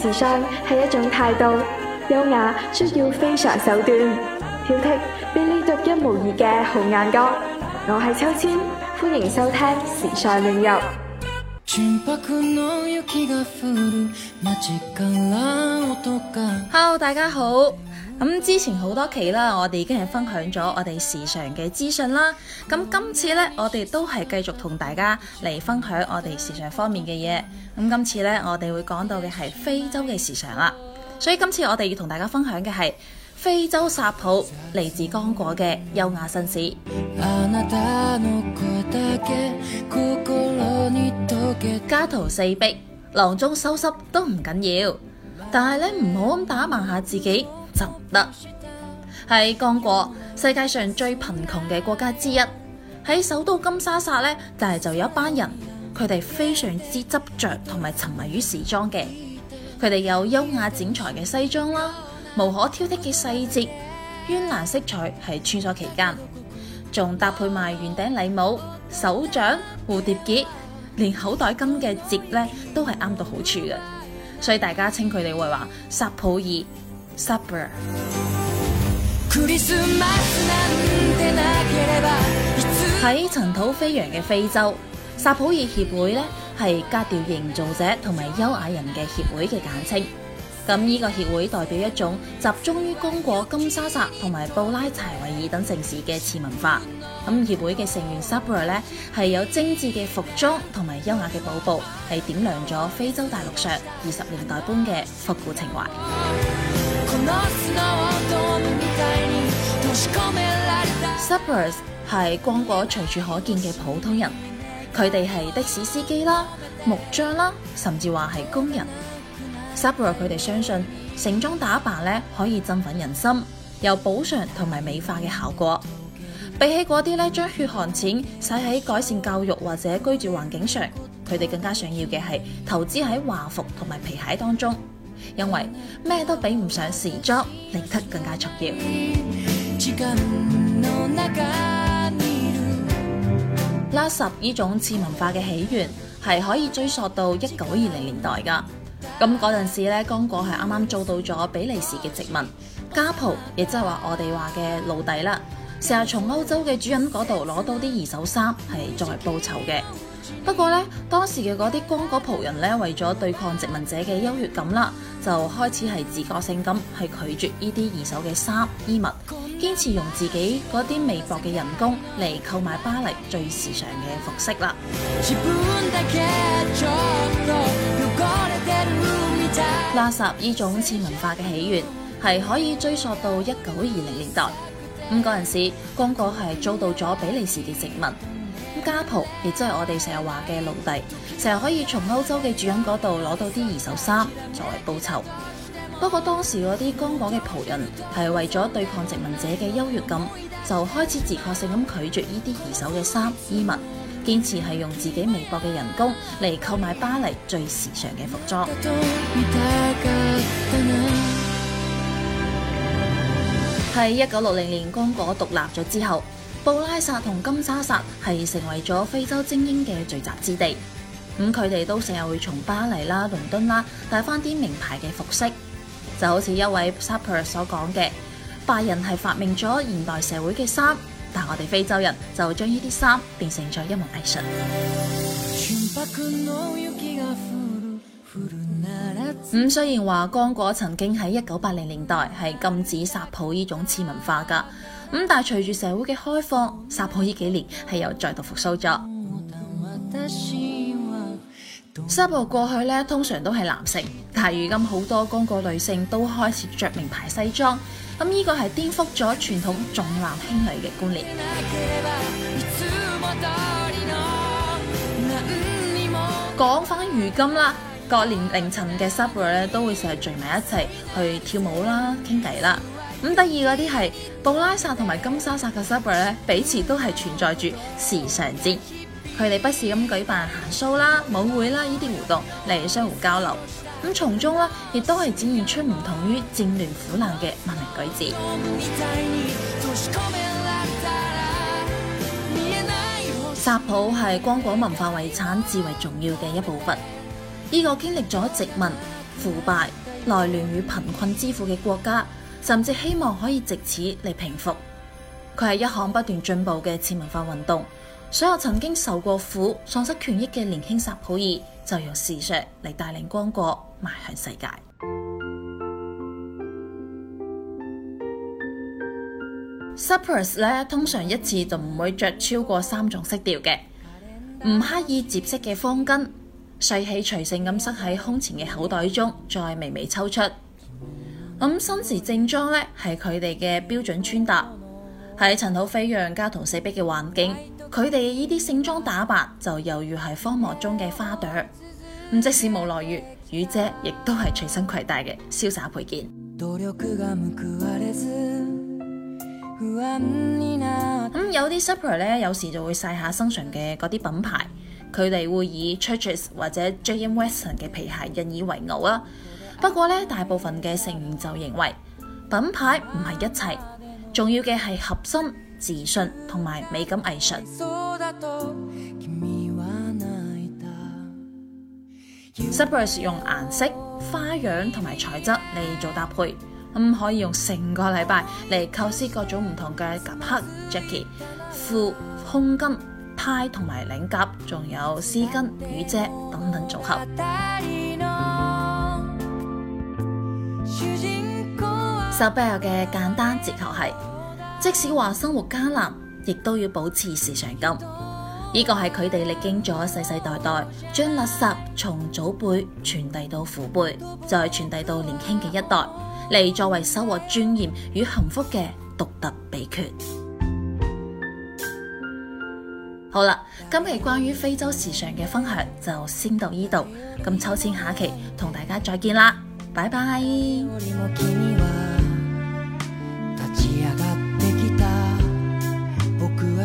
時尚係一種態度，優雅需要非常手段，挑剔俾你獨一無二嘅好眼光。我係秋千，歡迎收聽時尚領域。Hello，大家好。咁之前好多期啦，我哋已經係分享咗我哋時尚嘅資訊啦。咁今次呢，我哋都係繼續同大家嚟分享我哋時尚方面嘅嘢。咁今次呢，我哋會講到嘅係非洲嘅時尚啦。所以今次我哋要同大家分享嘅係非洲薩普，嚟自剛果嘅優雅紳士。家徒四壁，囊中羞澀都唔緊要，但係呢唔好咁打扮下自己。得喺剛果，世界上最貧窮嘅國家之一，喺首都金沙薩咧，但係就有一班人，佢哋非常之執着同埋沉迷於時裝嘅。佢哋有優雅剪裁嘅西裝啦，無可挑剔嘅細節，絢爛色彩係穿梭其間，仲搭配埋圓頂禮帽、手杖、蝴蝶結，連口袋巾嘅褶咧都係啱到好處嘅，所以大家稱佢哋會話薩普洱。喺塵 土飛揚嘅非洲，薩普爾協會咧係格調營造者同埋優雅人嘅協會嘅簡稱。咁呢個協會代表一種集中於剛果金沙薩同埋布拉柴維爾等城市嘅次文化。咁協會嘅成員 Sapeur 咧係有精緻嘅服裝同埋優雅嘅舞步，係點亮咗非洲大陸上二十年代般嘅復古情懷。Sapeurs 係剛果隨處可見嘅普通人，佢哋係的士司機啦、木匠啦，甚至話係工人。Sapeur 佢哋相信盛裝打扮咧可以振奮人心，有補償同埋美化嘅效果。比起嗰啲咧將血汗錢使喺改善教育或者居住環境上，佢哋更加想要嘅係投資喺華服同埋皮鞋當中。因為咩都比唔上時裝，嚟得更加重要。La Sape 呢種次文化嘅起源係可以追溯到一九二零年代噶。咁嗰陣時咧，剛果係啱啱做到咗比利時嘅殖民家僕，亦即係話我哋話嘅奴隸啦，成日從歐洲嘅主人嗰度攞到啲二手衫係作為報酬嘅。不過咧，當時嘅嗰啲剛果僕人咧，為咗對抗殖民者嘅優越感啦。就開始係自覺性咁，係拒絕呢啲二手嘅衫衣物，堅持用自己嗰啲微薄嘅人工嚟購買巴黎最時尚嘅服飾啦。拉薩依種次文化嘅起源係可以追溯到一九二零年代，嗰陣時剛果係遭到咗比利時嘅殖民。家僕，亦即係我哋成日話嘅奴隸，成日可以從歐洲嘅主人嗰度攞到啲二手衫作為報酬。不過當時嗰啲剛果嘅僕人係為咗對抗殖民者嘅優越感，就開始自覺性咁拒絕呢啲二手嘅衫衣物，堅持係用自己微薄嘅人工嚟購買巴黎最時尚嘅服裝。喺一九六零年剛果獨立咗之後。布拉薩同金沙薩係成為咗非洲精英嘅聚集之地，咁佢哋都成日會從巴黎啦、啊、倫敦啦、啊、帶翻啲名牌嘅服飾，就好似一位 Sapeur 所講嘅，白人係發明咗現代社會嘅衫，但我哋非洲人就將呢啲衫變成咗一門藝術。咁、嗯、雖然話剛果曾經喺一九八零年代係禁止薩普呢種次文化噶咁但係隨住社會嘅開放，Sapeur 呢幾年係又再度復甦咗。Sapeur 過去咧通常都係男性，但係如今好多剛果女性都開始着名牌西裝，咁呢個係顛覆咗傳統重男輕女嘅觀念。講翻如今啦，各年齡層嘅 Sapeur 咧都會成日聚埋一齊去跳舞啦、傾偈啦。咁第二嗰啲係布拉薩同埋金沙薩嘅 Sapeur 咧，彼此都係存在住時尚戰，佢哋不時咁舉辦行 show 啦、舞會啦呢啲活動嚟相互交流。咁、嗯、從中咧亦都係展現出唔同於戰亂苦難嘅文明舉止。薩普係剛果文化遺產至為重要嘅一部分。呢、這個經歷咗殖民、腐敗、內亂與貧困之苦嘅國家。甚至希望可以藉此嚟平復。佢係一項不斷進步嘅次文化運動。所有曾經受過苦、喪失權益嘅年輕薩普爾，就用時尚嚟帶領光過，邁向世界。Sapeurs 咧，通常一次就唔會着超過三種色調嘅，唔刻意接色嘅方巾，隨氣隨性咁塞喺胸前嘅口袋中，再微微抽出。咁新、嗯、時正裝呢，係佢哋嘅標準穿搭，喺塵土飛揚、家徒四壁嘅環境，佢哋呢啲盛裝打扮就猶如係荒漠中嘅花朵。唔、嗯、即使冇落雨，雨遮亦都係隨身攜帶嘅瀟灑配件。咁、 嗯、有啲 Sapeur 呢，有時就會晒下身上嘅嗰啲品牌，佢哋會以 Churches 或者 J.M. Weston 嘅皮鞋引以為傲啦。不過咧，大部分嘅成員就認為品牌唔係一切，重要嘅係核心自信同埋美感藝術。Sapeurs 用顏色、花樣同埋材質嚟做搭配，咁、嗯、可以用成個禮拜嚟構思各種唔同嘅夾克、jacket、褲、胸襟、呔同埋領夾，仲有絲巾、雨遮等等組合。就比較嘅簡單哲學係，即使話生活艱難，亦都要保持時尚感。呢個係佢哋歷經咗世世代代，將 La Sape 從祖輩傳遞到父輩，再傳遞到年輕嘅一代，嚟作為收穫尊嚴與幸福嘅獨特秘訣。好啦，今期關於非洲時尚嘅分享就先到依度，咁秋千下期同大家再見啦，拜拜。